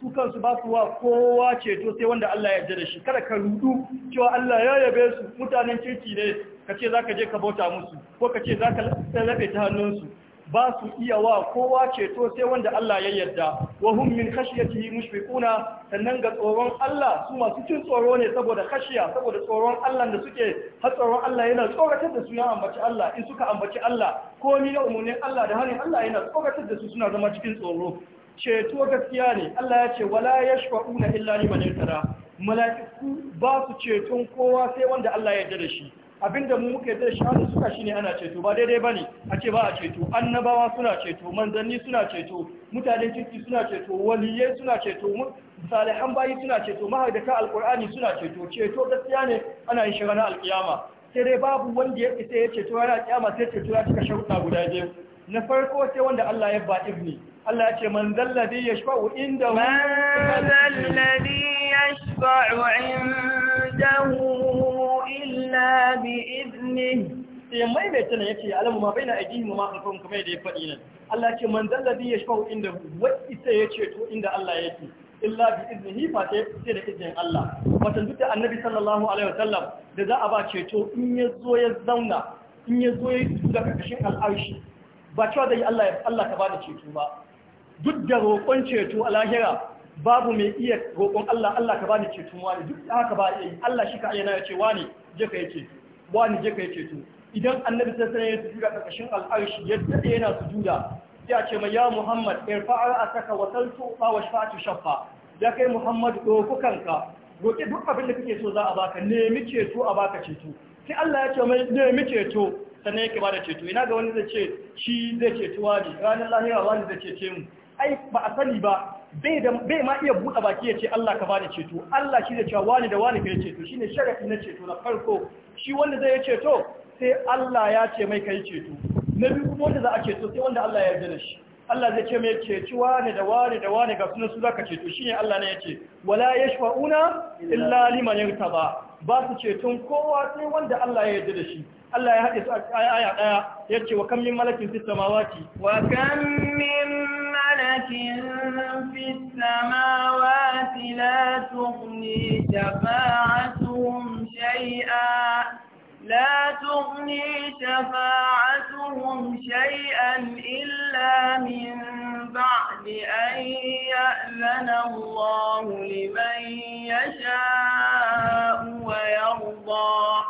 su kansu ba su wa kowa ceto sai wanda Allah ya yarda da shi kada ka rudu cewa Allah ya yabe su mutanen kirki ne kace zaka je ka bauta musu ko ka ce zaka labe ta hannunsu ba su iya wa kowa ceto sai wanda Allah ya yarda wa hum min khashyatihi mushfiquna sannan ga tsoron Allah su masu cin tsoro ne saboda khashiya saboda tsoron Allah da suke har tsoron Allah yana tsoratar da su ya ambaci Allah in suka ambaci Allah ko ni na umurnin Allah da hanin Allah yana tsoratar da su suna zama cikin tsoro ceto gaskiya ne Allah ya ce wala yashfa'una illa liman yarda mala'iku ba su ceton kowa sai wanda Allah ya yarda da shi abinda mu muka sha shanu suka shine ana ceto ba daidai bane a ce ba a ceto annabawa suna ceto manzanni suna ceto mutanen kirki suna ceto waliyai suna ceto salihan bayi suna ceto mahaidaka alkur'ani suna ceto ceto gaskiya ne ana yin shi ranar alkiyama sai dai babu wanda ya isa ya ceto ranar alkiyama sai ceto ya cika shauka guda biyu na farko sai wanda Allah ya ba ibni Allah ya ce man zalladhi inda indahu man zalladhi inda sai ya maimaita nan yace alamu ma baina aidihim ma khalfahum kamar yadda ya faɗi nan Allah ce man zallabi yashfa'u inda wai sai ya ceto inda Allah yake illa bi iznihi fa sai da izinin Allah watan duk da annabi sallallahu alaihi wasallam da za a ba ceto in ya zo ya zauna in ya zo ya tuga karkashin al'arshi ba cewa da Allah Allah ka bada ceto ba duk da roƙon ceto a lahira babu mai iya roƙon Allah Allah ka bani ceto wani duk da haka ba yi Allah shi ka ayyana ya ce wani je ka yi ceto wani je ka yi ceto idan annabi sallallahu ya sujuda karkashin al'arshi ya dade yana sujuda ya ce mai ya Muhammad irfa ra'ataka wa saltu fa wa shafa'atu shaffa ya kai Muhammad doko kanka roki duk abin da kake so za a baka nemi ceto a baka ceto sai Allah ya ce mai nemi ceto sannan yake bada ceto ina ga wani zai ce shi zai cetuwa ne ranar lahira wani zai cece mu ai ba a sani ba bai ma iya buɗe baki ya ce Allah ka bani ceto Allah shi zai cewa wani da wani ka yi ceto ne sharafi na ceto na farko shi wanda zai ceto sai Allah ya ce mai kai ceto na biyu kuma wanda za a ceto sai wanda Allah ya yarda da shi Allah zai ce mai ceci wane da wane da wane ga sunan su zaka ceto shine Allah ne yace wala yashfa'una illa liman yartaba ba su ceton kowa sai wanda Allah ya yarda da shi Allah ya haɗe su a aya daya yace wa kam min malakin fis samawati wa kam min malakin fis samawati la tughni shafa'atuhum shay'a تغني شفاعتهم شيئا إلا من بعد أن يأذن الله لمن يشاء ويرضى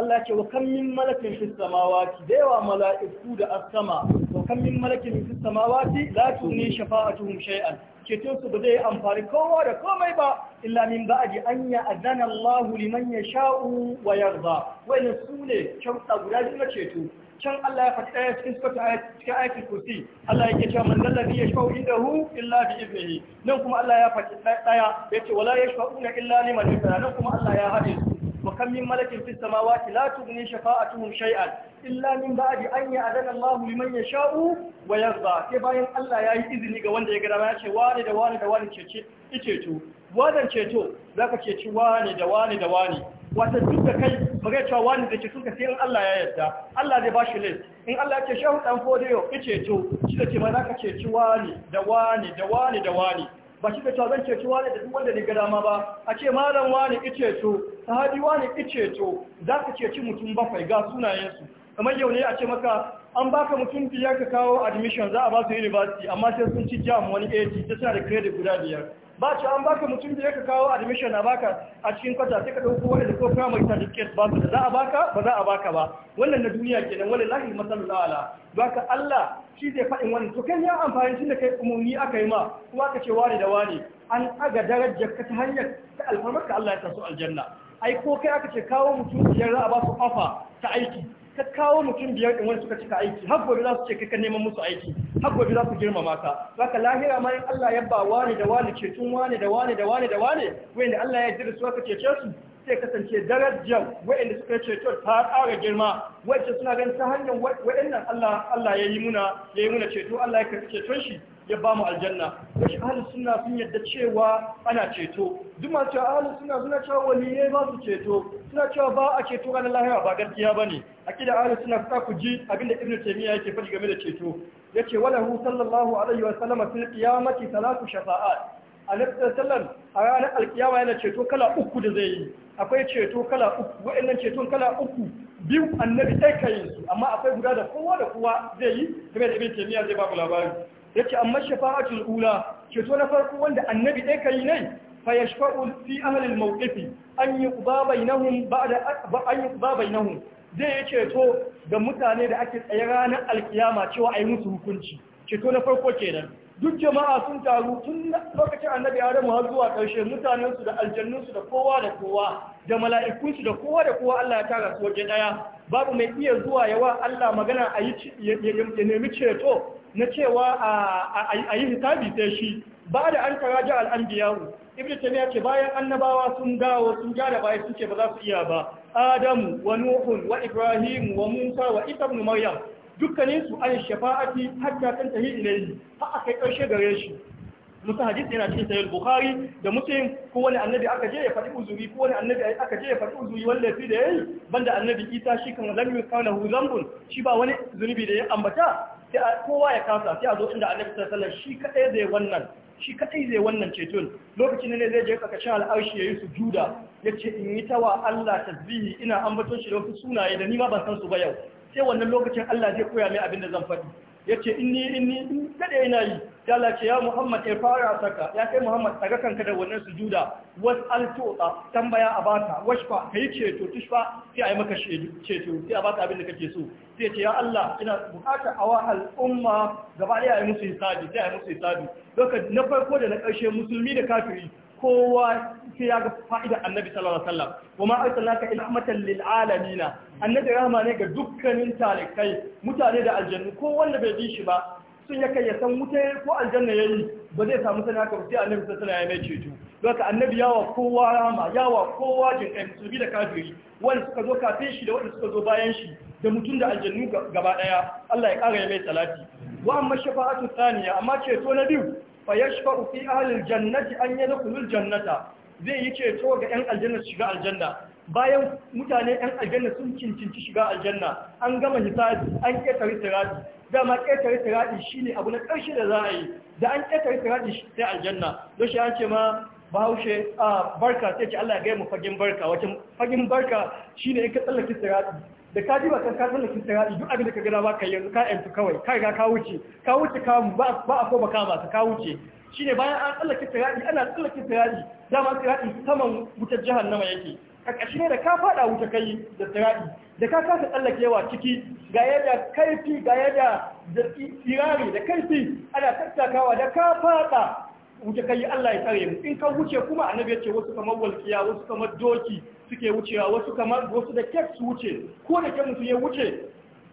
Allah ce wa kan min malakin fi samawati da yawa mala'iku da as-sama wa kan min malakin fi samawati la tuni shafa'atuhum shay'an cetonsu ba zai amfani kowa da komai ba illa min ba'adi an ya adana Allah liman ya sha'u wa yarda wani su ne sharuɗa guda biyu na ceto can Allah ya faɗi ɗaya cikin suka cikin aiki kursi Allah ya yake cewa man lallabi ya shafa'u inda hu illa bi iznihi nan kuma Allah ya faɗi ɗaya ya ce wala ya shafa'u illa liman yusra nan kuma Allah ya haɗe su Mukamin malamin fita mawa ke latu ni shafa a tuhun shai'a. Idan in ba'a biyan an yi adana mahu, mun yi sha'u wa Sai bayan Allah ya yi izini ga wanda ya gada ma ya ce, "Wani da wani, da wani" ita ce, "Wadanceto, za ka ceci wani da wani da wani?" Wasan duk kai ba kai wani da ke son sai in Allah ya yarda, Allah zai ba shi ne. In Allah yake sha'u dan faduwa, ita ce "Wani da wani, da wani da wani." ba shi da cewa zan ceci wani da duk wanda ne ga dama ba a ce malam wani ice to sahabi wani ice to za ka ceci mutum bakwai ga sunayensu kamar yau ne a ce maka an baka mutum biyar ka kawo admission za a ba su university amma sai sun ci jam wani A.T. ta suna da credit guda biyar ba ce an baka mutum biyar ka kawo admission na baka a cikin kwata sai ka dauko wani ko primary certificate ba su da za a baka ba za a baka ba wannan na duniya kenan wani lahi masalul ala ka Allah shi zai faɗin wani to kai ya amfani tun da kai umumi aka yi ma kuma ka ce wani da wani an aga darajar ka ta hanyar ta alfarmar ka Allah ya taso aljanna ai ko kai aka ce kawo mutum biyar za a ba su offer ta aiki ka kawo mutum biyar ɗin wani suka cika aiki har gobe za su ce kaka neman musu aiki har gobe za su girmama ka za ka lahira ma Allah ya ba wani da wani cetun wani da wani da wani da wani wanda Allah ya yarda da su aka cece su sai kasance darajar waɗanda suka ceto ta ƙara girma wacce suna ganin ta hanyar waɗannan Allah ya yi muna ceto Allah ya karɓi ceton shi ya ba mu aljanna shi ahalus suna sun yadda cewa ana ceto duk masu cewa ahalus suna suna cewa ya ba su ceto suna cewa ba a ceto ranar lahira ba gaskiya ba ne akida ahalus suna sa ku ji abinda ibnu taymiya yake faɗi game da ceto yace wala hu sallallahu alaihi wa sallam fil qiyamati salatu shafa'at annabi sallan, a ranar alkiyama yana ceto kala uku da zai yi akwai ceto kala uku wa'annan ceton kala uku biyu annabi ɗaya kayin amma akwai guda da kowa da kowa zai yi game da ibnu taymiya zai ba ku labari yace amma shafa'atul ula ceto na farko wanda annabi ɗaya kai ne fa yashfa'u fi ahli al-mawqifi an yuqba bainahum ba'da an yuqba bainahum zai yi ceto ga mutane da ake tsaye ranar alkiyama cewa a yi musu hukunci ceto na farko kenan duk jama'a sun taru tun lokacin annabi adamu har zuwa ƙarshe mutanensu da su da kowa da kowa da mala'ikunsu da kowa da kowa Allah ya tara su waje ɗaya babu mai iya zuwa yawa Allah magana a yi ya nemi ceto na cewa a yi hitabi sai shi ba da an taraja al'ambiyawu ibn tamiya ce bayan annabawa sun dawo sun ja da bayan suke ba za su iya ba adamu wa nuhun wa ibrahim wa musa wa isa ibn maryam dukkanin su an shafa'ati hatta kan tahi ilayhi har aka karshe gare shi musa hadisi yana cikin sahih bukhari da muslim ko wani annabi aka je ya faɗi uzuri ko wani annabi aka je ya faɗi uzuri wanda fi da yayi banda annabi isa shi kan lam yukalahu zambun shi ba wani zunubi da ya ambata kowa ya kasa sai a zo inda annabi sallallahu alaihi wasallam shi kadai zai wannan shi kadai zai wannan ceton lokacin ne zai je kakashin al'arshi yayi sujuda yace in yi tawa Allah tasbihi ina ambaton shi da wasu sunaye da ni ma ban san su ba yau sai wannan lokacin Allah zai koya mai abin da zan faɗi yace inni inni kada yana yi Allah ce ya Muhammad ya fara saka ya kai Muhammad saka kanka da wannan sujuda was altuqa tambaya a baka washfa kai ceto tushfa sai maka ceto sai a baka abin da kake so sai ce ya Allah ina bukata awa al'umma gaba ɗaya yi musu hisabi sai yi musu hisabi lokacin na farko da na ƙarshe musulmi da kafiri kowa sai ya ga fa'ida annabi sallallahu alaihi wasallam kuma ka ilhamatan lil’alamina annabi rahama ne ga dukkanin talikai mutane da aljannu ko wanda bai ji shi ba sun ya kai ya san wuta ko aljanna ya yi ba zai samu sani haka sai annabi sallallahu alaihi wasallam ya mai ceto don annabi yawa kowa rahama yawa kowa jin kai da kafiri wanda suka zo kafin shi da wanda suka zo bayan shi da mutum da aljannu gaba ɗaya Allah ya ƙara ya mai salati wa amma shafa'atu thaniya amma ceto na biyu fa yashfa'u fi ahli jannati an yadkhulu jannata, zai yi ceto ga yan aljanna su shiga aljanna bayan mutane yan aljanna sun cincinci shiga aljanna an gama hisabi an ketare sirati dama ketare sirati shine abu na ƙarshe da za a yi da an ketare tiradi sai aljanna don shi an ce ma bahaushe a ah, barka sai ce Allah ya gaya mu fagin barka wacin fagin barka shine in ka tsallake sirati da ka ji bakan ka tsallake sirati duk abin da ka gada ba ka yanzu ka yanzu kawai ka riga ka wuce ka wuce ka ba a ko baka ba ka wuce shine bayan an tsallake sirati ana tsallake sirati dama sirati saman wutar jahannama yake a ƙashi ne da ka faɗa wuta kai da sirati da ka kasa tsallakewa ciki ga yadda kaifi ga yadda tsirari da kaifi ana tattakawa da ka faɗa wuce kai Allah ya tsare mu in ka wuce kuma annabi ya ce wasu kamar walkiya, wasu kamar doki suke wucewa wasu kamar wasu da kek su wuce ko da kek mutum ya wuce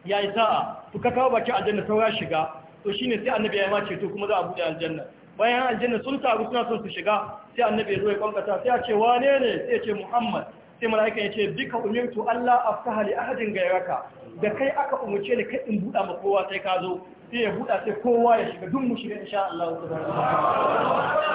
ya yi sa'a su ka kawo baki aljanna saura shiga to shi ne sai annabi ya yi ma ceto kuma za a buɗe aljanna bayan aljanna sun taru suna son su shiga sai annabi ya zo ya kwankata sai a ce wane ne sai ya ce muhammad sai mala'ika ya ce bika umirtu Allah aftaha li ahadin gairaka da kai aka umurce ni kai in buɗa ma kowa sai ka zo sai ya buɗa sai kowa ya shiga duk mu shiga insha Allah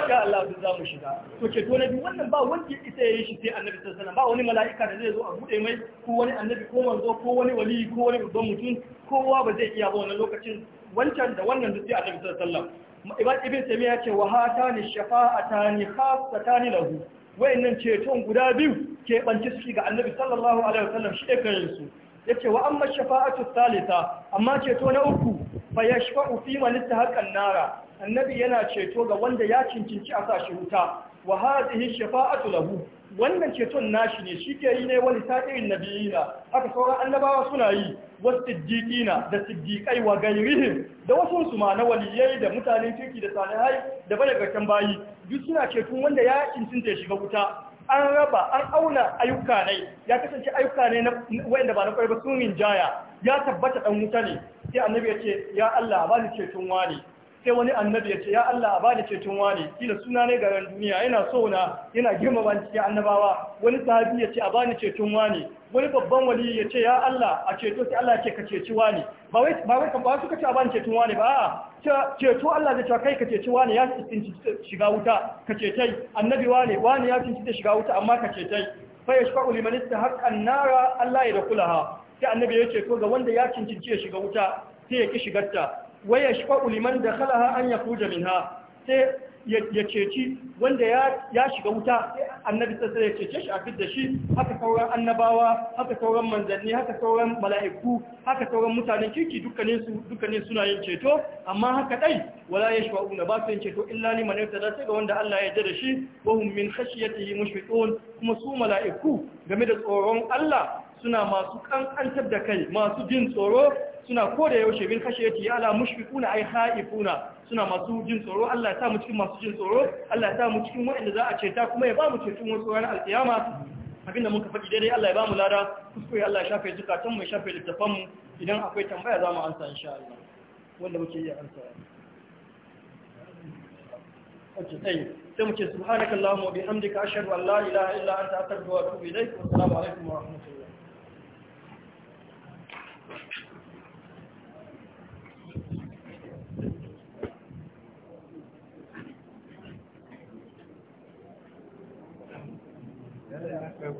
insha Allah duk za mu shiga to ce to nabi wannan ba wanda ya isa yayi shi sai annabi sallallahu alaihi wasallam ba wani mala'ika da zai zo a buɗe mai ko wani annabi ko manzo ko wani wali ko wani babban mutum kowa ba zai iya ba wannan lokacin wancan da wannan duk sai annabi sallallahu alaihi wasallam ibn taymiya ya ce wa hatani shafa'atani khassatani lahu wayannan ceton guda biyu ke banci suke ga annabi sallallahu alaihi wasallam shi su yace wa amma shafa'atu salisa amma ceto na uku fa yashfa'u fi man istahaqa an-nara annabi yana ceto ga wanda ya cincinci a sashi wuta wa hadhihi shafa'atu lahu wannan ceton nashi ne shi ke yi ne wani sa'irin nabiyina haka sauran annabawa suna yi wasiddiqina da siddiqai wa gairihin da wasu su ma na waliyai da mutanen kirki da salihai da garken bayi duk suna ceton wanda ya cincinta ya shiga wuta an raba an auna ayyuka ne ya kasance ayyuka ne na wanda ba na kwarba sun rinjaya ya tabbata ɗan wuta ne sai annabi ya ce ya Allah ba ni ceton wani sai wani annabi ya ce ya Allah a bani ceton wani kila suna ne garin duniya yana so na yana girmama cikin annabawa wani sahabi ya ce a bani ceton wani wani babban wali ya ce ya Allah a ceto sai Allah ce ka ceci wani ba wai ba wai ba ce a bani ceton wani ba a ceto Allah zai ce kai ka ceci wani ya tsinci shiga wuta ka cetai annabi wani wani ya tsinci shiga wuta amma ka cetai fa yashfa'u liman istahaqqa an-nara Allah ya dakulaha sai annabi ya ce to ga wanda ya cincince shiga wuta sai ya ki shigarta Wai ya wa uliman da dakhalaha an yakhruja minha sai ya ceci wanda ya shiga wuta annabi sai ya cece shi a da shi haka sauran annabawa haka sauran manzanni haka sauran mala'iku haka sauran mutanen kirki dukkanin suna yin ceto amma haka dai wala ya shafa una ba su yin ceto illa liman yarda sai ga wanda Allah ya da shi wa hum min khashyatihi mushfiqun kuma su mala'iku game da tsoron Allah suna masu kankantar da kai masu jin tsoro suna ko da yaushe bin kashe ya ala mushfiquna ay khaifuna suna masu jin tsoro Allah ya sa mu cikin masu jin tsoro Allah ya sa mu cikin waɗanda za a ceta kuma ya ba mu ceton wasu ranar alkiyama abinda muka faɗi daidai Allah ya ba mu lada kuskure Allah ya shafe zukatan mu ya shafe littafan mu idan akwai tambaya za mu ansa insha Allah wanda muke iya ansa Okay, tsaye, sai muke subhanakallahumma bihamdika ashhadu an la ilaha illa anta astaghfiruka wa atubu ilaik. Assalamu alaikum wa rahmatullahi